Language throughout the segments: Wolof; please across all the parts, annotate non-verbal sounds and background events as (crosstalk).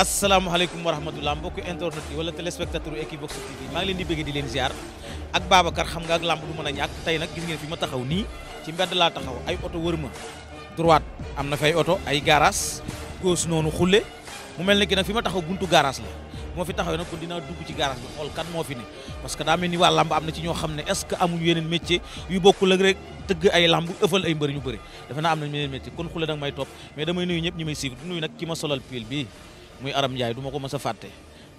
asalaamaaleykum wa rahmatulah mbokki internet yi wala téléspectateur Equivox TV maa ngi leen di bëgg di leen ziar ak Babacar xam nga ak làmb du mën a ñàkk tey nag gis ngeen fi ma taxaw nii ci mbedd laa taxaw ay oto wër ma droite am na fay oto ay garage gauche noonu xulle mu mel ne ki nag fi ma taxaw buntu garage la bu fi taxawee nag kon dinaa dugg ci garage bi xool kan moo fi ne parce que daa mel ni waa làmb am na ci ñoo xam ne est-ce que amuñu yeneen métier yu bokkul ak rek tëgg ñu bëri defe naa am nañu yeneen métier kon xulle nag ñëpp ñi may ma solal bi muy Aram Ndiaye du ma ko mës a fàtte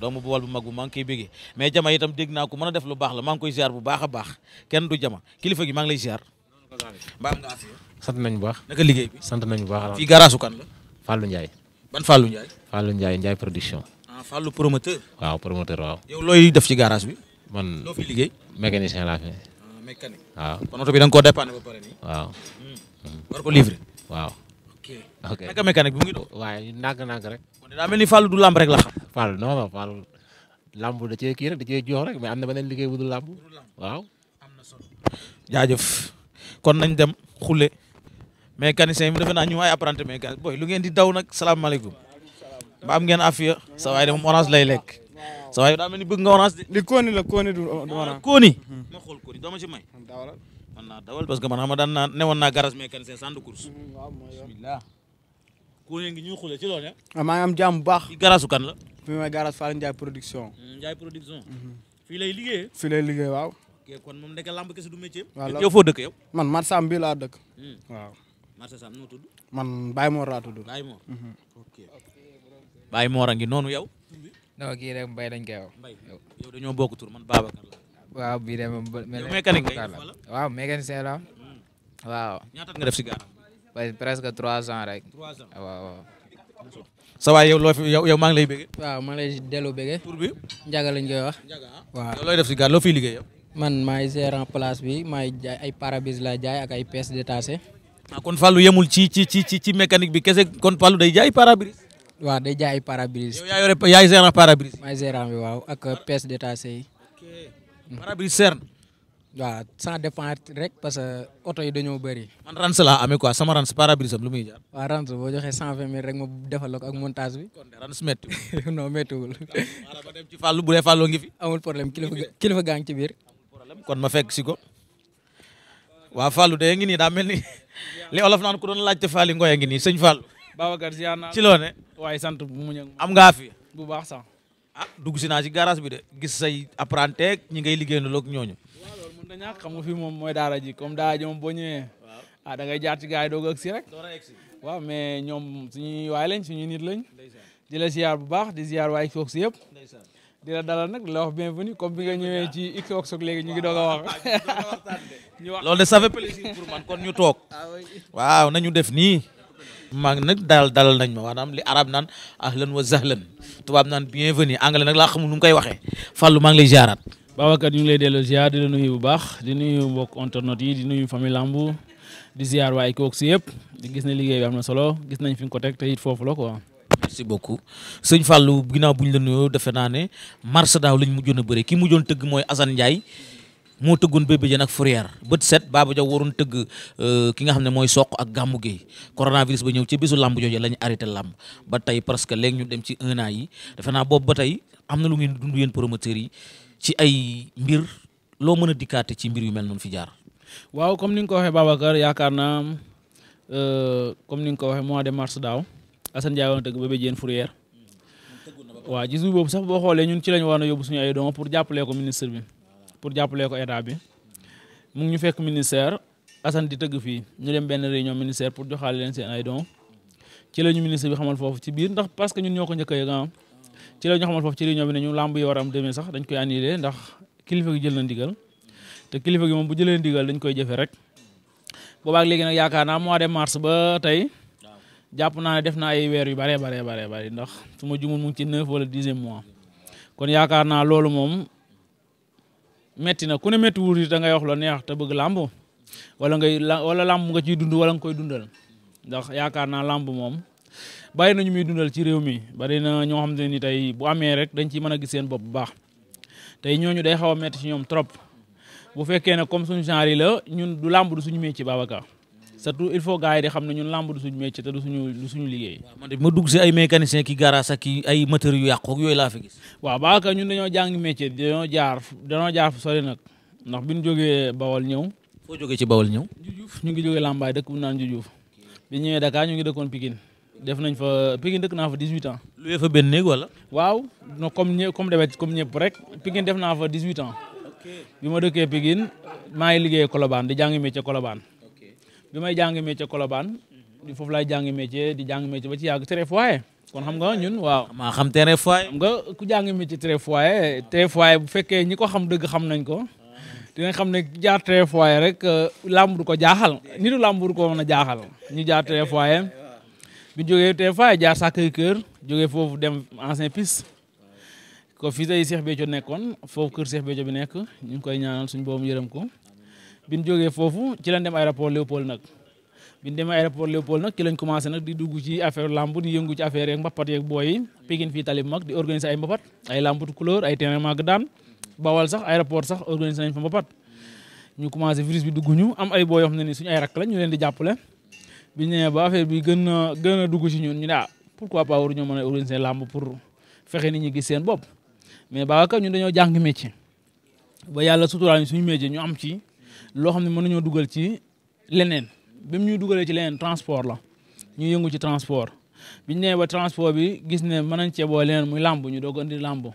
doomu bool bu mag bu maa ngi béggee mais jama itam dégg naa ko mën a def lu baax la maa koy ziar bu baax a baax kenn du jama kilifa gi maa ngi lay ziar. mbaam nga affaire. sant nañ bu baax. naka liggéey bi sant nañ bu baax. fii garage kan la. Fallou Ndiaye. ban Fallou Ndiaye. Fallou Ndiaye Ndiaye production. ah Fallou promoteur. waaw promoteur waaw. yow looy def ci garage bi. man mécanicien laa fi. Ah, ok naka mécanique bi mu ngi doon. waaye nàgg-nàgg rek. kon daa mel ni Fallou du lamb rek la xam. Fallou non non Fallou lamb da kii rek da cee jox rek mais am na beneen liggéey bu du lamb waaw. am kon nañ dem xule mécanicien mu defe naa ay apprenti mécanicien booy lu ngeen di daw nag salaamaaleykum ba am ngeen afiya sa waay de moom orange lay lekk sa waay daa mel ni bëgg nga orange de. li kooni la kooni du orange kooni. ma xool mën naa dawal parce que man xam nga daan naa newoon naa garage mécanicien sans de course. Mm, bismillah. kuréel gi ñu xule ci loolu ne. Ah, maa ngi am jàmm bu baax. ci garage kan la. fi may garage Fall Ndiaye production. Mm, Ndiaye production. Mhm. fii lay liggéeyee. fii lay liggéey waaw. kon moom ndeke lamb kese du métier. yow foo dëkk yow. man marché am bii laa dëkk. Mm. waaw. marché sam noo Mor laa tudd. Baye Mor. Mhm. ok Baye Mor a ngi noonu yow. non kii rek Mbaye dañ koy wax. Mbaye yow dañoo bokk tur man Babacar waaw bii de moom. mécanique la waaw mécanicien la def si gaar. presque trois ans rek. trois ans waaw waaw. sa waay yow yow maa ngi lay bëggee. waaw maa ngi lay delloo bëggee. tur bi lañ koy wax. Ndiaga ah. waaw yow looy def si gaar loo fiy liggéey yow. man maay gérant place bi maay jaay ay pare-brise la jaay ak ay pièces détachées. ah kon Fallou yemul ci ci ci ci ci mécanique bi kese kon Fallou day jaay pare-brise. waaw day jaay ay pare-brise. yow yaa maay gérant bi waaw ak pièces détachées yi. pare-brise mm-hmm. seer san waaw ça rek parce que oto yi dañoo bëri. man rance laa amee quoi sama rance pare-brise am lu muy jaar. waaw rance boo joxee cent vingt mille rek ma defal ko ak montage bi. kon de rance méttiwul. (laughs) non méttiwul. waaw ba bu dee Fallou fi. amul problème kilifa kilifa gaa ci biir. kon ma fek si ko. waa Fallou de ngi nii daa mel ni li olof naan ku doon laajte Fally Ngoye ngi nii sëñ Fallou. Babacar ziar waaye sant bu am ngaa fi bu baax sax. ah dugg si naa ci garage bi de gis say apprenti ñi ngay liggéeyandoo ak ñooñu. waaw loolu mën na ñàkk xam nga fii moom mooy daara ji comme daara ji moom boo ñëwee. ah da ngay jaar ci gars yi waaw mais ñoom suñu waay lañ suñuy nit lañ. di la ziar bu baax di ziar waa Xbox yëpp. di la dalal nag di la wax bienvenue comme bi nga ñëwee ah. ci Xbox léegi ñu ngi doog (laughs) wax. loolu de ça fait plaisir pour kon ñu toog. Ah waaw nañu def nii. maak nag daal dalal nañ ma maanaam li arab naan ahlan wa zahlan tubaab naan bienvenue anglais nag laa xamul nu mu koy waxee Fallou maa ngi lay ziaraat. Babacar ñu ngi lay delloo ziar di la nuyu bu baax di nuyu mbokk internautes di nuyu famille Lambu di ziar waaye kooku si yëpp di gis ne liggéey bi am na solo gis nañ fi nga ko teg te it foofu la quoi. merci beaucoup sëñ Fallou ginnaaw bu ñu la nuyoo defe naa ne mars daaw lañ mujjoon a bëri ki mujjoon tëgg mooy Assane Ndiaye. moo tëggoon bébé jën ak fourrière bët set Baba Diaw waroon tëgg euh, ki nga xam ne mooy soq ak gàmmu gi coronavirus ba ñëw ci bisu làmb jooju la ñu arrêté làmb ba tey parce que léegi ñu dem ci un yi defe naa ba tey am na lu ngeen dund yéen yi ci ay mbir loo mën a dikkaate ci mbir yu mel noonu fi jaar. waaw comme ni nga ko waxee Babacar yaakaar naa euh, comme ni nga ko waxee mois de mars daaw Assane Ndiaye woon tëgg bébé jën fourrière waaw gis boobu sax boo ñun ci lañ a yóbbu suñu pour jàppalee ko état bi mu ñu fekk ministère Assane tëgg fii ñu dem benn réunion ministère pour joxaale leen seen ay dons ci la ñu ministre bi xamal foofu ci biir ndax parce que ñun ñoo ko njëkk a yëg ah. ci la ñu xamal foofu ci réunion bi ne ñu làmb yi war am demee sax dañ koy annulé ndax kilifa gi jël na ndigal te kilifa gi moom bu jëlee ndigal dañ koy jëfe rek boobaag léegi nag yaakaar naa mois de mars ba tey jàpp naa ne def naa ay weer yu bare bare bare bare ndax su ma jumul mu ngi ci neuf wala dixième mois kon metti na ku ne metti wuuti da ngay wax la neex te bëgg làmb wala ngay wala làmb nga ciy dund wala nga koy dundal ndax yaakaar naa làmb moom bàyyi nañu muy dundal ci réew mi bari na ñoo xam ne ni tey bu amee rek dañ ci mën a gis seen bopp bu baax tey ñooñu day xaw a metti ci ñoom trop bu fekkee ne comme suñu genre yi la ñun du làmb du suñu métier Babacar surtout il faut gars yi di xam ne ñun làmb du suñu métier te du liggéey. ma dugg si ay mécanicien ki garage ak ay moteur yu yooyu laa fi gis. waaw ba ka ñun dañoo jàng métier dañoo jaar dañoo jaar fu sori nag ndax bi ñu jógee Bawol ñëw. foo jógee ci Bawol ñëw. Jujuuf ñu ngi jógee Lambaay dëkk bu naan Jujuuf bi ñëwee Dakar ñu ngi dëkkoon Pikine def nañ fa Pikine dëkk naa fa 18 ans. lu fa benn néeg wala. waaw no comme comme demee comme ñëpp rek Pikine def naa fa 18 ans. bi ma dëkkee Pikine maa ngi liggéey Colobane di jàng métier Colobane bi may jàng métier Colobane di foofu laay jàng métier di jàng métier ba ci yàgg très foyer kon xam nga ñun waaw. maa xam très foyer. xam nga ku jàng métier très foyer très bu fekkee ñi ko xam dëgg xam nañ ko. dinañ xam ne jaar très foyer rek euh, làmb ko jaaxal nitu làmb ko mën a jaaxal ñu jaar très foyer bi jógee très foyer jaar Sacré-Cœur jógee foofu dem ancien piste. ko fii tey Cheikh Béthio nekkoon foofu kër Cheikh Béthio bi nekk ñu ngi koy ñaanal suñu boobu yërëm ko. bi ñu jógee foofu ci lañ dem aéroport Léopold nag bi ñu demee aéroport di dugg ci affaire lamb di yëngu ci affaire yeeg mbapat yeeg booy yi Pikine fii tali mag di organiser ay mbapat ay lambutu couleur ay terrain mag daan bawal sax aéroport sax organiser nañ fa mbapat ñu commencé virus bi dugg ñu am ay booy yoo xam ne ni ay rakk la ñu leen di jàppale bi ñu bi gën a gën a dugg ci ñun ñu ne ah pourquoi pas waruñoo mën a organiser lamb pour fexe nit ñi gis seen bopp mais ba ka ñun dañoo jàng métier ba yàlla suturaal am ci loo xam ne mën nañoo dugal ci leneen bi mu ñuy dugalee ci leneen transport la ñu yëngu ci transport bi ñu demee transport bi gis ne mën nañ cee boole leneen muy làmb ñu doog a indi làmb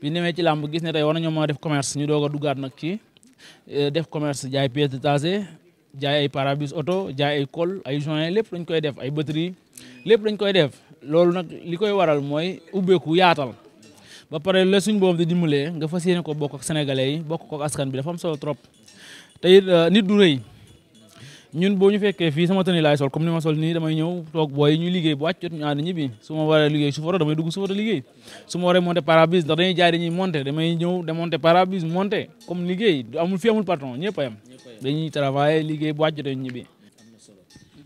bi ñu demee ci làmb gis ne tey war nañoo mën def commerce ñu doog a duggaat nag ci euh, def commerce jaay pièces détachées jaay ay parabus auto jaay ay col ay join lépp dañ koy def ay batterie lépp dañ koy def loolu nag li koy waral mooy ubbeeku yaatal. ba pare la suñ boobu di dimbalee nga fas yéene ko bokk ak sénégalais yi bokk ko ak askan bi dafa am trop. te euh, nit du rëy ñun boo ñu fekkee fii sama tëni laay sol comme ni ma sol nii damay ñëw toog booy ñu liggéey bu wàcc jot ñu ànd ñibbi su ma waree liggéey chauffeur damay dugg chauffeur liggéey su ma waree monter pare ndax dañuy jaay dañuy monter damay ñëw démonter pare-brise monter comme liggéey amul fii amul patron ñëpp a yem dañuy travailler liggéey bu wàcc jotee ñu ñibbi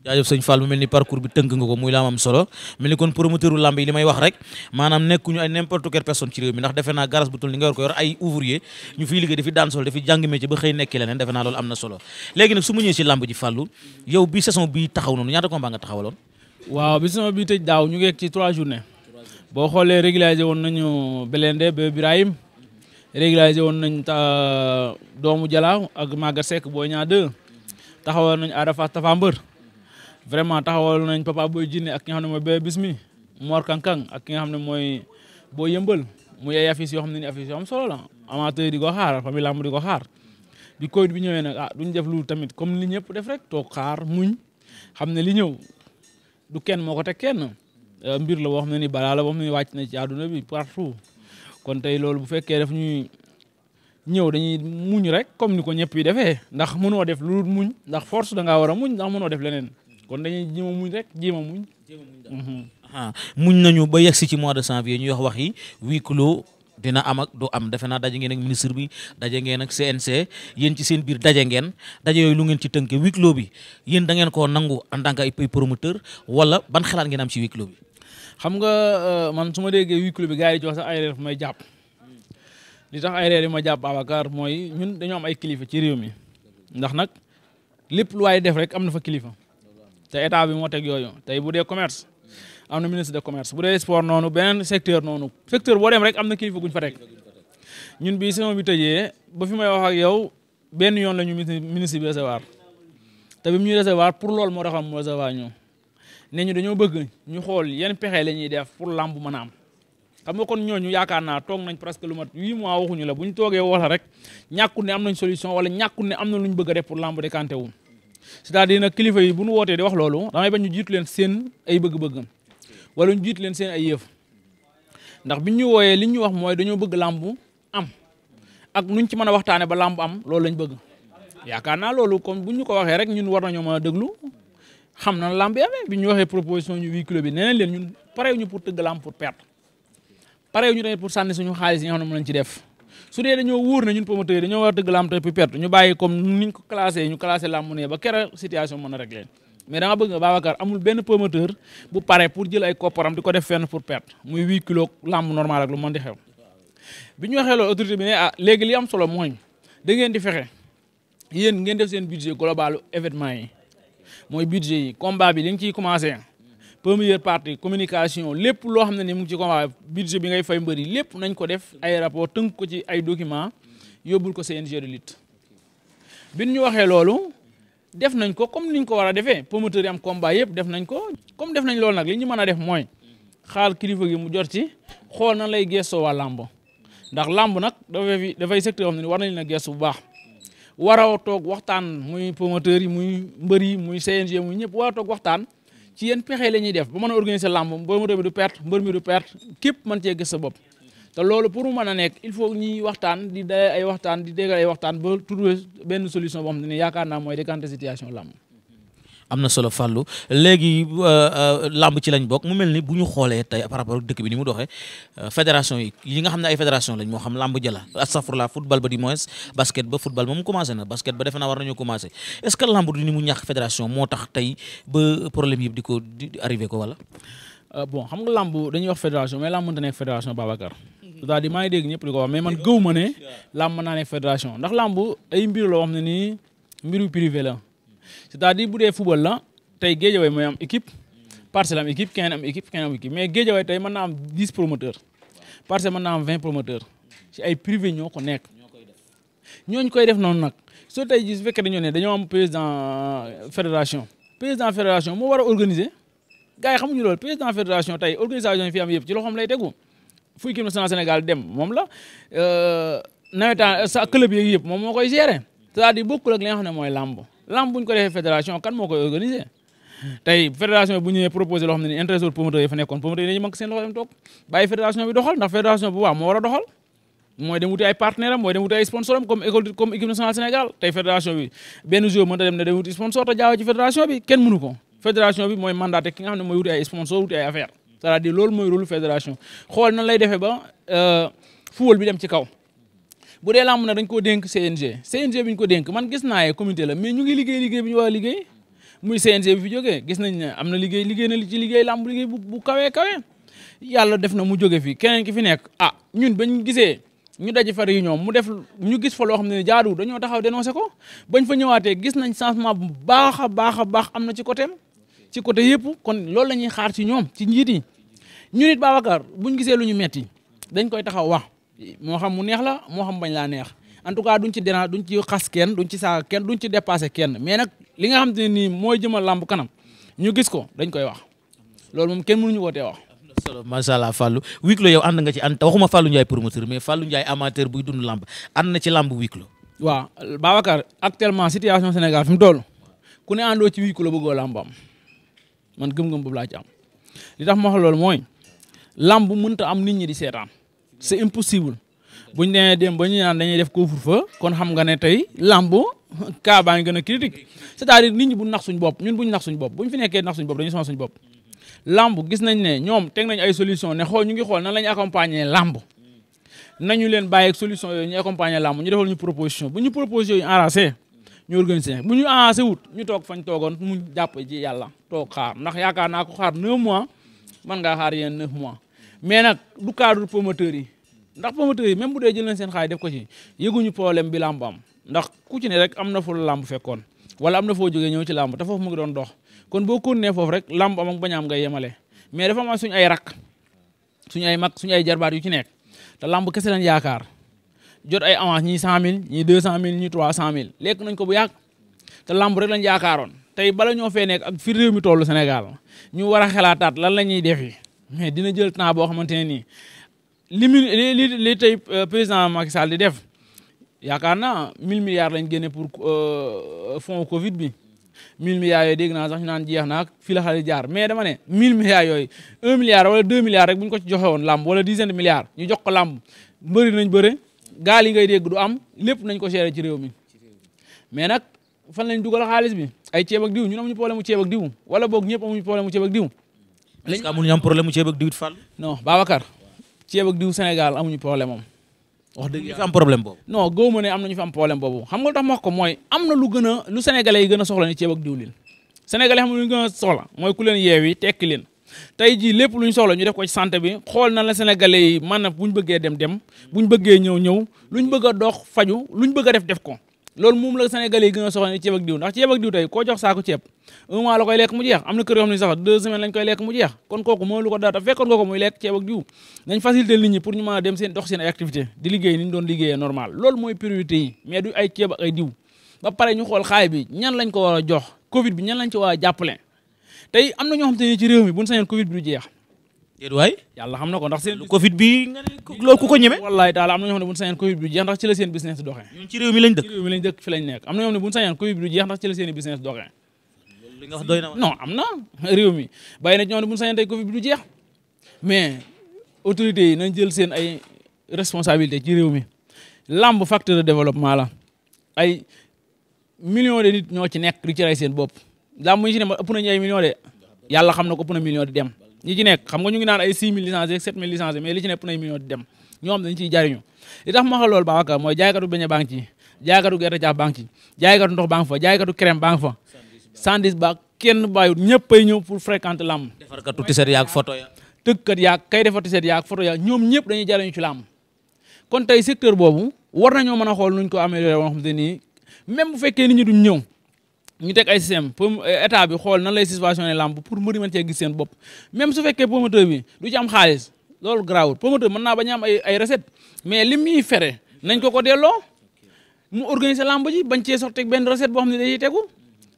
jaajëf sëñ Fall mu mel ni parcours bi tënk muy laam solo mel ni kon promoteur lamb yi wax rek maanaam nekkuñu ay n'importe personne ci réew mi ndax defe naa garage ni nga war yor ay ouvrier ñu fiy liggéey dafi daan solo dafi jàng métier ba xëy nekki leneen defe naa am na solo léegi su ma ñëwee si lamb ji fàllu yow bi saison bi taxaw noonu ñaata combat taxawaloon waaw bi saison bi tëj daaw ñu ngi ci trois journées boo xoolee régularisé vraiment taxawal nañ Papa Boy Djiné ak ki nga xam ne mooy Bébé Bismi Mor nga xam ne mooy Boy Yëmbël muy ay affiches yoo xam ne ni affiches yoo am solo la amateur yi di ko xaar famille di ko xaar bi Covid bi ñëwee nag ah duñ def lu tamit comme li ñëpp def rek toog xaar muñ xam ne li ñëw du kenn moo ko teg kenn euh, mbir la boo ne ni balaa la boo xam ne ni wàcc na ci àdduna bi partout kon tey loolu bu fekkee daf ñuy ñëw dañuy muñ rek comme ni ko ñëpp yi defee ndax mënoo def lu muñ ndax force da ngaa war a muñ ndax mënoo def leneen kon dañuy jéem a muñ rek jéem a muñ. jéem a muñ daal mhm. muñ nañu ba yegsi ci mois de janvier ñu wax wax yi huis clos dina am ak du am defe naa daje ngeen ak ministre bi daje ngeen ak CNC yéen ci seen biir daje ngeen daje yooyu lu ngeen ci tënke huis clos bi yéen da ngeen koo nangu en tant que ay promoteur wala ban xalaat ngeen ci huis clos bi. xam nga euh, man su ma déggee huis clos bi gars ci wax sax ay fu may jàpp li tax ay reer yi ma jàpp Abacar mooy ñun dañoo am ay kilifa ci réew mi ndax nag lépp lu def rek am na fa kilifa. te état bi moo teg yooyu tey bu dee commerce am na ministre de commerce bu dee sport noonu beneen secteur noonu secteur boo dem rek am na kilifa guñ fa teg ñun bii saison bi tëjee ba fi may wax ak yow benn yoon la ñu ministre bi recevoir te bi mu ñuy recevoir pour loolu moo taxam mu recevoir ñoo ne ñu dañoo bëgg ñu xool yan pexe la ñuy def pour làmb mën a am xam nga kon ñooñu yaakaar naa toog nañ presque lu mat huit mois waxuñu la bu ñu toogee wax la rek am nañ solution wala ñàkkul ne am na lu ñu bëgg a def pour làmb décanté wu c'est-à-dire nag kilifa yi bu ñu wootee di wax loolu damay bañ ñu jiitu leen seen ay bëgg-bëggam wala ñu jiitu leen seen ay yëf ndax biñ ñu wooyee li ñu wax mooy dañoo bëgg làmb am ak nuñ ci mën a waxtaanee ba làmb am loolu lañ bëgg yaakaar naa loolu comme bu ñu ko waxee rek ñun war nañoo mën a déglu xam na làmb yi amee bi ñu waxee proposition ñu huis clos bi nee leen ñun pare ñu pour tëgg làmb pour perte pare ñu tamit pour sànni suñu xaalis yi nga xam ne moom ci def su dee dañoo wóor na ñun promoteurs yi dañoo war a tëgg lamb tey pu perte ñu bàyyi comme niñ ko classé ñu classé lamb mu ne ba kera situation mën a réglé mais da nga bëgg nga Babacar amul benn promoteur bu pare pour jël ay kopparam di ko def fenn pour pert muy huit kilos lamb normal ak lu mën di xew bi ñu waxee loolu autorité bi ne ah léegi li am solo mooy da ngeen di fexe yéen ngeen def seen budget global événement yi mooy budget yi combat bi li nga ciy commencé première partie communication lépp loo xam ne ni mu ngi ci combat budget bi ngay fay mbëri lépp nañ ko def ay rapport tënk ko ci ay document yóbbul ko CNG de lutte bi ñu waxee loolu def nañ ko comme niñ ko war a defee promoteur yi am combat yëpp def nañ ko comme def nañ loolu nag li ñu mën a def mooy xaal kilifa gi mu jot ci xool na lay gëstoo waa làmb ndax làmb nag dafay dafay secteur xam na war nañ na gëstu bu baax war a toog waxtaan muy promoteur yi muy mbër yi muy CNG muy ñëpp war waxtaan ci yenn pexe la ñuy def ba mën a organiser làmb mbër mi du perte mbër mi du pert képp mën cee gis sa bopp te loolu pour mu mën a nekk il faut ñuy waxtaan di dalee ay waxtaan di déggal ay waxtaan ba trouver benn solution boo xam ne yaakaar naa mooy décanter situation làmb am na solo fàllu léegi euh, euh, làmb ci lañ bokk mu mel ni bu ñu xoolee tey par rapport dëkk bi ni mu doxee euh, fédération yi yi nga xam ne ay fédération lañ moo xam làmb jëla astafurla football ba di moins basket ba football moom commencé na basket ba defe naa war nañoo commencé est-ce que làmb du ni mu ñàkk fédération moo tax tey ba problème yëpp di ko di arrivé ko wala. bon xam nga làmb dañuy wax fédération mais làmb mënta nekk fédération Babacar. c'est-à-dire maa ñëpp di ko wax mais man gëw ma ne làmb mën naa nekk mbir loo xam cest à di bu dee football la tey Guédiawaye mooy am équipe Parcelles am équipe keneen am équipe keneen am équipe mais Guédiawaye tey mën naa am 10 promoteurs Parcelles mën naa am 20 promoteurs ci ay privé ñoo ko nekk ñooñu koy def noonu nag soo tey ji su fekkee dañoo ne dañoo am président euh, fédération président fédération moo war a organiser gars yi xamuñu den président fédération tey organisation yi fi am yëpp ci loxoom lay tegu fu équipe nationale Sénégal dem moom la euh, nawetaan sa club yeeg yëpp moom moo koy gérer c'est-à-dire bokkul ak li mooy làmb lamb bu ko defee fédération kan moo koy organiser tey fédération bu ñëwee proposé loo xam ne nii intéressé promoteur yi fa nekkoon promoteur yi dañuy mag seen loxo dem fédération bi doxal ndax fédération bu baax moo war a mooy dem wuti ay partenaire mooy dem wuti ay sponsor comme équipe nationale Sénégal tey fédération bi benn joueur mën dem ne dem wuti sponsor te jaawee fédération bi kenn mënu ko fédération bi mooy mandaté ki a xam ne mooy wuti ay sponsor wuti ay affaire c'est-à-dire loolu euh, kaw bu dee làmb nag dañ koo dénk CNG CNG bi ñu ko dénk man gis naa ye comité la mais ñu ngi liggéey liggéey bi ñu war a liggéey muy CNG bi fi jógee gis nañ ne am na liggéey liggéey na li ci liggéey làmb liggéey bu bu kawee kawe yàlla def na mu jóge fi keneen ki fi nekk ah ñun bañ gisee ñu daje fa réunion mu def ñu gis fa loo xam ne jaadu dañoo taxaw dénoncé ko bañ fa ñëwaatee gis nañ changement bu baax a baax a baax am na ci côté ci côté yëpp kon loolu la ñuy xaar ci ñoom ci njiit yi ñu nit Babacar buñ gisee lu ñu metti dañ koy taxaw wax moo xam mu neex la moo xam bañ laa neex en tout cas duñ ci dérangé duñ ci xas kenn duñ ci saaga kenn duñ ci dépassé kenn mais nag li nga xam te ne nii mooy jëmal kanam ñu gis ko dañ koy wax loolu moom kenn mënuñu wootee wax. solo macha allah Fallou Wiklo yow ànd nga ci ànd waxuma Fallou Ndiaye promoteur mais Fallou Ndiaye amateur buy dund làmb ànd na ci làmb Wiklo. waaw Babacar actuellement situation Sénégal fi mu toll ku ne àndoo ci Wiklo bëggoo làmbam man gëm-gëm boobu laa ci am li tax ma wax loolu mooy làmb mënut a am nit ñi di seetaan. c'est impossible buñ nee dem ba ñu naan dañuy def couvre-feu kon xam nga ne tey lambo cas baa a critique c'est-à-dire nit ñi bu nax suñ bopp ñun buñ nax suñ bopp buñ fi nekkee nax suñ bopp dañuy sonal suñ bopp lamb gis nañ ne ñoom teg nañ ay solution ne xool ñu ngi xool na la ñu accompagner lamb nañu leen bàyyi ak solution yooyu ñu accompagner lamb ñu ñu proposition bu ñu proposition yooyu enracé ñu organiser bu ñu enracé wut ñu toog fañ toogoon mu jàpp ci yàlla toog xaar ndax yaakaar naa ko xaar 9 mois mën ngaa xaar yéen 9 mois ndax promoteurs yi même bu dee jël nañ seen xaalis def ko ci yëguñu problème bi làmb am ndax ku ci ne rek am na fu la làmb fekkoon wala am na foo jógee ñëw ci làmb te foofu mu ngi doon dox kon boo continué foofu rek làmb am ak bañ a am ngay yemale mais dafa am suñu ay rak suñu ay mag suñu ay jarbaat yu ci nekk te làmb kese lañ yaakaar jot ay avance ñii 100000 ñii 200000 ñii 300000 lekk nañ ko bu yàgg te làmb rek lañ yaakaaroon tey bala ñoo fee nekk ak fi mi tollu Sénégal ñu war xalaataat lan la ñuy def mais dina jël temps boo xamante ne nii li mu lii li tey euh, président Macky Sall di def yaakaar naa 1000 milliards lañ génne pour euh, fonds Covid bi 1000 milliards yooyu dégg naa sax ñu naan jeex na ak fii la xale jaar mais dama ne 1000 milliards yooyu 1 milliard wala 2 rek bu ñu ko ci joxe woon làmb wala dizaine de milliards ñu jox ko làmb mbëri nañ bëre gaal yi ngay dégg du am lépp nañ ko seere ci réew mi mais nag fan lañ dugal xaalis bi ay ceeb ak diw ñun amuñu mu ceeb ak wala boog ñëpp amuñu problème mu ceeb diw. lañ est-ce que amuñu am mu ceeb ak diw it Fall. ceeb ak diw Sénégal amuñu problème am. wax dëgg am problème boobu. non góob ma ne am nañu fi am problème boobu xam nga lu tax ma wax ko mooy am na lu gën a lu sénégalais yi gën soxla ni ceeb ak diwlin sénégalais xam nga lu ñu gën soxla mooy ku leen yeewi tekki leen tey jii lépp lu ñu soxla ñu def ko ci santé bi xool na la sénégalais yi maanaam bu ñu bëggee dem dem bu ñu bëggee ñëw ñëw lu ñu bëgg a dox faju lu ñu bëgg def def ko loolu moom la Sénégalais yi gën a soxla ni diw ndax ceeb ak diw tey koo jox saako am na kër yoo xam ne sax deux semaines kon kooku moo lu ko dara te fekkoon nga ko muy lekk ceeb ak diw nañ faciliter nit ñi pour ñu a dem seen dox seen ay activité di liggéey ni ñu doon liggéeyee normal loolu mooy priorité yi mais du ay ceeb ak diw ba pare ñu xool xaay bi ñan lañ ko war a jox covid bi ñan lañ ci war te ne ci réew mi buñ sañoon covid bi du jeex déet waay yàlla xam na ko ndax seen covid bi nga ne loolu ku ko ñeme wallaay taala am na ñoo xam ne bu ñu sañoon covid bi jeex ndax ci la seen business doxee ñun ci réew mi lañ dëkk ci réew mi lañ dëkk fi lañ nekk am na ñoo xam ne bu ñu sañoon covid bi jeex ndax ci la seen business doxee li nga wax doy na non am na (laughs) réew mi bàyyi na ñoo xam ne bu ñu sañoon tey covid bi du jeex mais autorités yi nañ jël seen ay responsabilité ci réew mi làmb facteur de développement la ay millions de nit ñoo ci nekk di ci rey seen bopp làmb yi ci ne ma ëpp nañu ay millions de yàlla xam na ko ëpp na millions di dem ñi ci nekk xam nga ñu ngi naan ay 6 000 licenciés 7 000 licenciés mais li ci nekk nay millions di dem ñoo xam dañu ciy jariñu li tax ma wax loolu Babacar mooy jaaykatu beñe baa ngi ci jaaykatu gerte caaf baa ci jaaykatu ndox baa ngi fa jaaykatu crème baa ngi fa 110 ba kenn bàyyiwul ñëpp ay ñëw pour fréquenter làmb defarkatu tiset yaag photo ya tëggkat yaag kay defar tiset yaag photo ñoom ñëpp dañuy jariñu ci làmb kon tey secteur boobu war nañoo mën a xool nuñ ko amee loo xam te nii même bu fekkee ni ñu duñ ñëw ñu teg ay système pour état bi xool nan lay subventionné lamb pour mbër yi mën cee gis seen bopp même su fekkee promoteur bi du ci am xaalis loolu garaawul promoteur mën naa bañ am ay ay recette mais lim ñuy fere nañ ko ko delloo mu organiser lamb ji bañ cee sorti benn recette boo xam ne dañuy tegu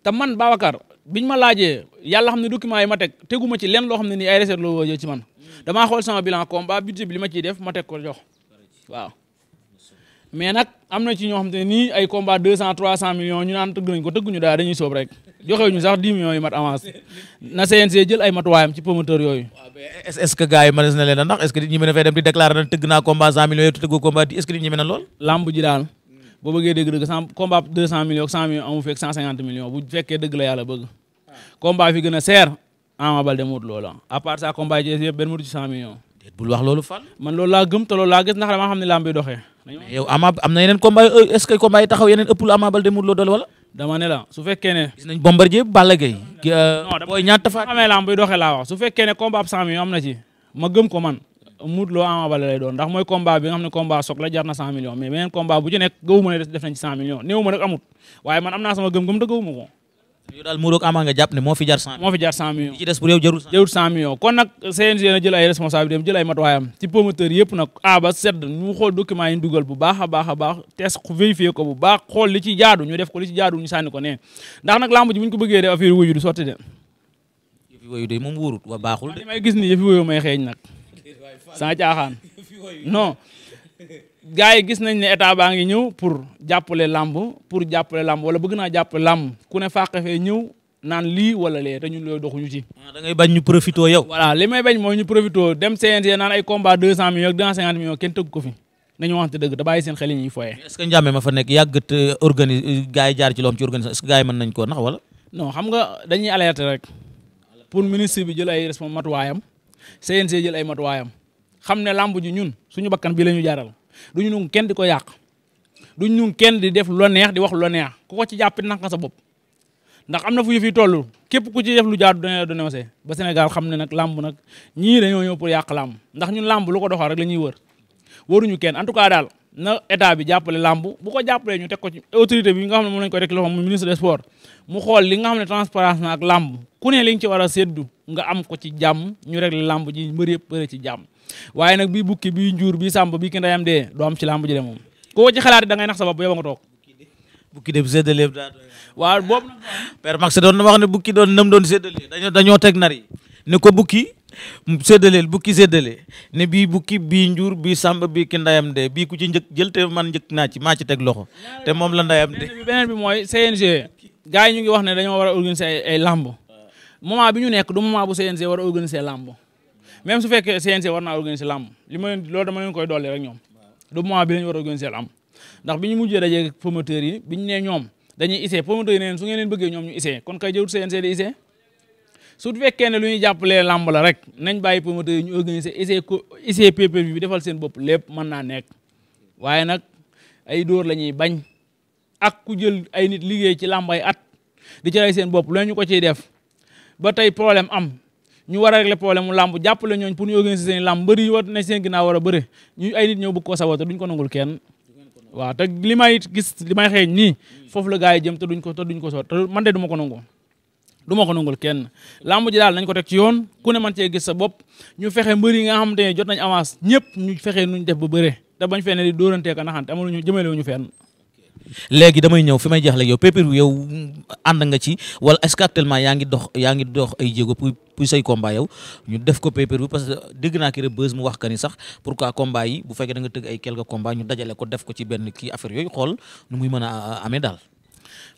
te man Babacar biñ ma laajee yàlla xam ne document yi ma teg tegu ma ci lenn loo xam ne ni ay recette la woo ci man damaa xool sama bilan combat budget bi li ma ciy def ma teg ko jox waaw. mais am na ci ñoo xam te ay combat deux cent mat avance na CNG jël ay matuwaayam ci promoteur yooyu. waaw que gars yi mënees leen a ndax est que nit ñi dem di déclarer na tëgg naa combat cent millions yi tëggu combat di a lool. lamb ji daal boo bëggee dëgg-dëgg cent combat deux cent millions ak cent millions amu fekk cent cinquante millions bu fekkee dëgg la yàlla bëgg. Ah. combat fi gën a seer Ama Baldé mu wut loola à part combat yi ci yëpp benn ci cent millions. déet loolu fan. man loolu laa gëm te laa gis ndax dama xam ne lamb bi yow ama am na yeneen combat est-ce que yeneen ëppul Ama Baldé Modou Lô doole wala. dama ne su fekkee ne. gis nañ Bombardier Balla Gaye. non booy ñaar tafaat amee lamb buy doxee laa su fekkee ne combat cent millions am ci ma gëm ko man Modou Lô Ama doon ndax mooy combat bi nga xam ne combat soog cent millions mais beneen combat bu ci nekk gëwuma ne def cent millions néew ma nag amut waaye man am sama gëm-gëm te gëwuma ko yow daal muuroog ama nga jàpp ne moo fi jar cent moo fi jar cent millions ci des pour yow jarul jarul cent millions kon nag a dugal bu baax a baax a baax bu baax xool li ci jaadu ñu def ko li ci jaadu ñu sànni ko nee de yëfi de moom de may gis ni (laughs) gars yi gis nañ ne état baa ngi ñëw pour jàppale làmb pour jàppale làmb wala bëgg naa jàppale làmb ku ne fàqe fee ñëw naan lii wala lee te ñun loolu doxuñu ci. Ah, da ngay bañ ñu profité yow. voilà li may bañ mooy ñu profité dem CNG naan ay combat 200 millions ak 250 millions kenn tëgg ko fi nañu waxante dëgg da bàyyi seen xel yi ñuy foyee. est ce fa nekk yàggat euh, organi euh, gars jaar ci loom ci organisation est ce que gars yi mën nañ koo nax wala. non xam nga dañuy alerter rek pour ministre bi jël ay responsabilités matuwaayam CNG jël ay matuwaayam xam ne làmb ji ñun suñu bakkan bi la ñu jaaral duñu nangu kenn di ko yàq du nangu kenn di def lu neex di wax lu neex ku ko ci jàppit naka sa bopp ndax am na fu ñu fi toll képp ku ci def lu jaadu dañoo dénoncé ba Sénégal xam ne nag làmb nag ñii dañoo ñëw pour yàq lamb ndax ñun làmb lu ko doxa rek la ñuy wër waruñu kenn en tout cas daal na état bi jàppale làmb bu ko jàppalee ñu te ko ci autorité bi nga xam ne moom lañ ko rek loxo mu ministre des sports mu xool li nga xam ne transparence na ak làmb ku ne li nga ci war a séddu nga am ko ci jàmm ñu régler làmb ji mbër yëpp bëre ci jàmm waaye nag bii bukki bii njuur bii samba bii ki ndayam dee doom ci làmb ji moom koo ci xalaat da ngay nax sa bopp yow nga toog bukki de bu séddalee daa doy waaw boobu père Max doon na wax ne bukki doon nam doon séddalee dañoo teg nar yi ne ko bukki séddaleel bukki séddalee ne bii bukki bii njuur bii sàmb bii ki ndayam dee bii ku ci njëkk jël man njëkk naa ci maa ci teg loxo te moom la ndayam dee beneen bi mooy CNG gars yi ñu ngi wax ne dañoo war a organiser ay làmb moment bi ñu nekk du moment bu CNG war a organiser làmb même su fekkee CNC war naa organiser lamb li ma leen loolu dama leen koy dolli rek ñoom du mois bi la war a lamb ndax bi ñu mujjee dajee promoteurs yi ne ñoom dañuy issee promoteurs yi neen su ngeen leen bëggee ñoom ñu issee kon kay jëwut CNC di issee su fekkee ne lu ñuy jàppalee lamb la rek nañ bàyyi promoteurs yi ñu organiser issee ko issee PPV bi defal seen bopp lépp mën naa nekk waaye nag ay dóor lañuy bañ ak ku jël ay nit liggéey ci lamb ay at di ci rey seen bopp lu ñu ko ciy def ba tey problème am ñu war a régler problème mu jàpp jàppale ñooñ pour ñu organiser seen làmb mbëri yi war na seen ginnaaw war a bëri ñu ay nit ñëw bëgg koo saboté duñ ko nangul kenn waaw te li may gis li may xeeñ nii foofu la gars yi jëm te duñ ko te duñ ko sot te man de du ma ko nangu du ma ko nangul kenn làmb ji daal nañ ko teg ci yoon ku ne man cee gis sa bopp ñu fexe mbër yi nga xamante ne jot nañ avance ñëpp ñu fexe nuñ def ba bëre te bañ fee ne di dóoranteeka naxante amul ñu jëmale ñu fenn léegi damay ñëw fi may jeex léegi yow PPV yow ànd nga ci wala est-ce yaa ngi dox yaa ngi dox ay jéego pour pour say combat yow ñu def ko PPV parce que dégg naa ki rek bës mu wax ka ni sax pourquoi combat yi bu fekkee danga nga tëgg ay quelques combat ñu dajale ko def ko ci benn kii affaire yooyu xool nu muy mën a ame daal.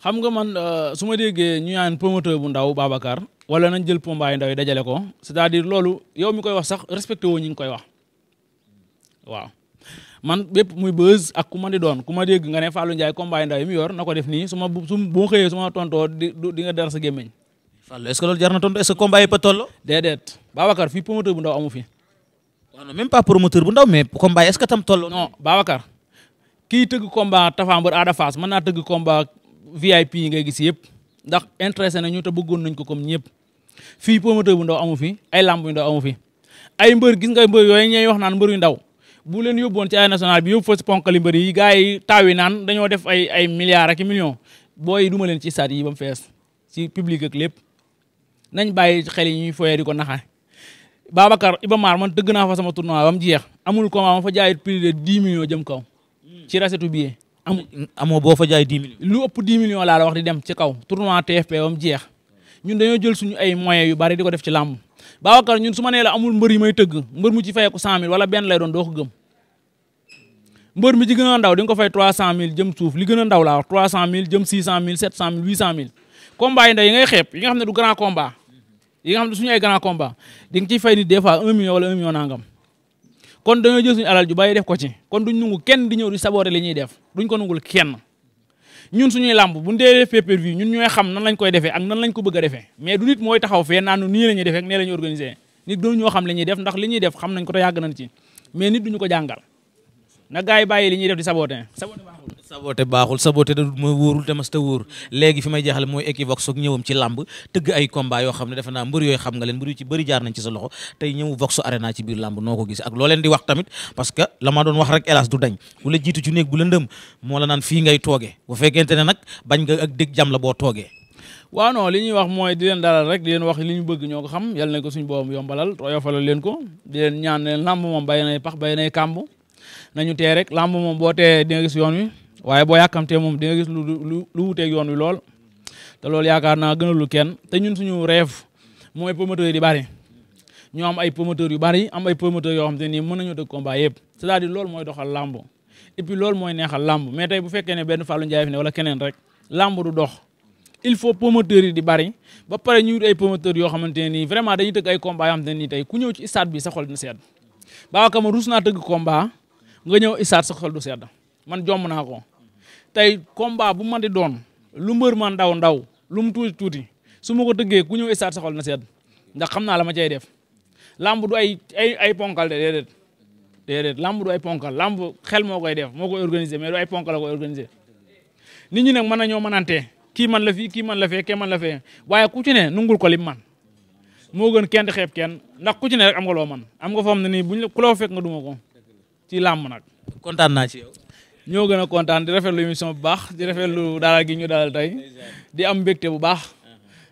xam nga man euh, su ma déggee ñu naan promoteur bu ndaw Babacar wala nañ jël combat yu ndaw yi dajale ko c'est-à-dire loolu yow mi koy wax sax respecté woo ñu ngi koy wax man bépp muy buzz ak ku ma di doon ku ma dégg nga ne Fallou Ndiaye combat ndaw yi mu yor na ko def nii su ma bu ma xëyee su ma tontoo di di nga dara sa gémmiñ. Fallou est-ce que loolu jar na tontu est-ce que combat yi pa tolloo. déedéet Babacar ndaw amu fi. waaw non même pas promoteur bu ndaw mais combat yi est-ce que kii tëgg combat Tapha Mbeur Ada Fass mën naa tëgg combat yi ngay gis yëpp ndax intéressé nañu te bëggoon nañ ko comme ñëpp fii promoteur bu ndaw amu fi ay lamb yu ndaw amu fi ay mbër gis nga mbër yooyu ñooy wax naan mbër yu ndaw bu leen yóbboon ci ay national bi yóbbu fa si ponkali mbër yi gars yi taaw naan dañoo def ay ay milliards ak i millions booy duma leen ci stade yi ba mu fees ci public ak lépp nañ bàyyi xel yi ñuy ko di baaba naxa Babacar Iba Mar man dëgg naa fa sama tournoi ba mu jeex amul comment ma fa jaayit prix de 10 millions jëm kaw ci recette bi am amoo boo fa jaay 10 millions. lu ëpp wax di dem ci kaw tournoi TFP ba mu jeex ñun dañoo jël suñu ay moyens yu bari di ko def ci làmb baaw Babacar ñun su ma nee la amul mbër yi may tëgg mbër mu ci fayeeku cent ben wala benn lay doon mbër mi ci gën a ndaw di ko fay trois cent mille jëm suuf li gën a ndaw laa wax trois cent mille jëm six cent mille sept cent mille huit cent mille combat yi ndaw yi ngay xeeb yi nga xam ne du grand combat yi nga xam ne ay grand combat di nga fay nit des fois un million wala un nangam kon dañoo jël suñu alal ju bàyyi def ko ci kon duñ nungu kenn di ñëw di saboter li ñuy def duñ ko nungul kenn ñun suñuy làmb bu ñu dee pay ñun ñooy xam nan lañ koy defee ak nan lañ ko bëgg a defee mais du nit mooy taxaw fee naan nii la ñuy defee ak nee la ñuy organiser nit doon ñoo xam la ñuy def ndax li ñuy def xam nañ ko te yàgg ci mais nit duñu ko jàngal na gars yi bàyyi li ñuy def di saboté saboté baaxul saboté baaxul saboté da ma wóorul te mas ta wóor fi may jeexale mooy Equivox ak ñëwam ci làmb tëgg ay combat yoo xam ne defe naa mbër yooyu xam nga leen mbër yu bëri jaar nañ sa loxo tey ñëw Vox Arena ci biir làmb noo ko gis ak di wax tamit parce que la ma doon wax rek hélas du dañ ku la jiitu ci néeg bu lëndëm moo la naan fii ngay toogee bu fekkente ne nag bañ nga ak dégg jàmm la boo toogee waaw non li ñuy wax mooy di leen dalal rek di leen wax li ñu bëgg ñoo ko xam yal na ko suñu boobam yombalal yofalal leen ko di leen ñaan leen làmb moom bay nay pax bay kàmb nañu tee rek lamb moom boo tee di nga gis yoon wi waaye boo yàkkamtee moom di nga gis lu lu lu yoon wi lool te loolu yaakaar naa lu kenn te ñun suñu rêve mooy promoteur yi di bari ñu am ay promoteurs yu bari am ay promoteurs yoo xam te ni mën nañu dëgg combat yëpp cest loolu mooy doxal làmb loolu mooy neexal làmb mais tey bu fekkee ne benn Fallou Ndiaye wala keneen rek làmb du dox il faut promoteurs yi di bari ba pare ñu ay promoteurs yoo xamante ne nii vraiment dañu tëgg ay combat yoo xam te ne ku ñëw ci bi sa xol dina sedd baax ka naa tëgg combat nga ñëw isaat sa xol du sedd man jomm naa ko tey combat bu man doon lu mbër man ndaw ndaw lu mu tuuti tuuti su ma ko tëggee ku ñëw isaat sa na sedd ndax xam naa la ma cay def lamb du ay ay ay ponkal de déedéet déedéet lamb du ay ponkal lamb xel moo koy def moo ko organiser mais du ay ponkal la koy organiser nit ñi nag mën nañoo mënantee kii man la fii kii man la fee kee man la fee waaye ku ci ne nungul ko lim man moo gën kenn di xeeb kenn ndax ku ci ne am nga loo man am nga foo xam ne nii buñ la ku la fekk duma ko ci làmb nag. kontaan naa ci yow. ñoo gën a kontaan di rafetlu émission bu baax di rafetlu dalal gi ñu dalal tey di am mbégte bu baax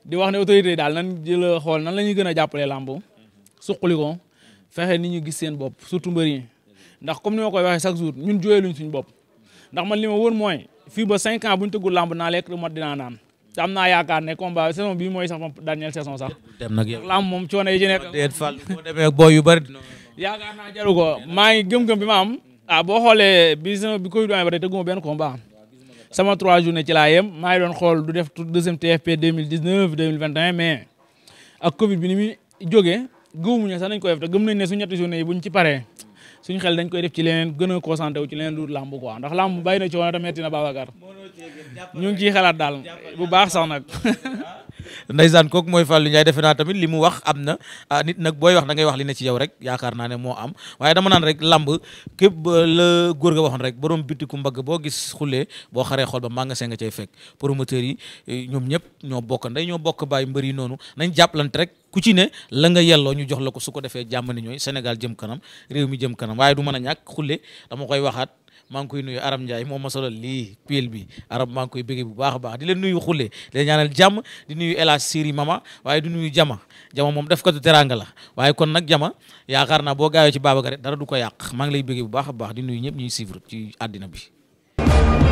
di wax ne daal nan jël xool nan la ñuy gën a jàppalee làmb suqali ko fexe ni ñu gis seen bopp surtout mbër yi ndax comme ni ma koy waxee chaque jour ñun jooyee luñ suñu bopp ndax man li ma wóor mooy fii ba cinq ans bu ñu tëggul làmb naa lekk lu mat dinaa naan te am naa yaakaar ne combat saison bii mooy sax ma dernière saison sax làmb moom coono yi yaakaar naa jaru ko maa ngi gëm bi ma am ah boo xoolee bi sama bi Covid bi ba tey tëgguma benn combat sama trois journée ci laa yem maa ngi doon xool du def deuxième TFP 2019 2021 mais ak Covid bi ni muy jógee gëmuñu sax nañ koy def te gëm nañ ne suñu ñetti journée yi buñ ci pare suñu xel dañ koy def ci leneen gën a concentré wu ci leneen du làmb quoi ndax làmb bàyyi na coono te metti na Babacar ñu ngi ci xalaat daal bu baax sax nag (laughs) ah. ndeysaan kook mooy Fallou Ndiaye defe naa tamit li mu wax am na ah, nit nag booy wax da ngay wax li ne ci yow rek yaakaar naa ne moo am waaye dama naan rek lamb képp la góor ga waxoon rek borom bitiku mbagg boo gis xulee boo xaree xol ba magasin nga cay fekk promoteurs yi eh, ñoom ñëpp ñoo bokk nday ñoo bokk baay mbër yi noonu nañ jàppalante rek ku ci ne la nga yelloo ñu jox la ko su ko defee jàmm ni ñooy Sénégal jëm kanam réew mi jëm kanam waaye du mën a ñàkk xulle dama koy waxaat maa ngi koy nuyu Arame Ndiaye moom ma solal lii pile bi Arame maa ngi koy bëggee bu baax a baax di leen nuyu xulle di leen ñaanal jàmm di nuyu El Hadj Siri Mama waaye di nuyu Jama Jama moom def ko du teranga la waaye kon nag Jama yaakaar na boo gaayoo ci Babacar dara du ko yàq maa ngi lay bëggee bu baax baax di nuyu ñëpp ñuy suivre ci àddina bi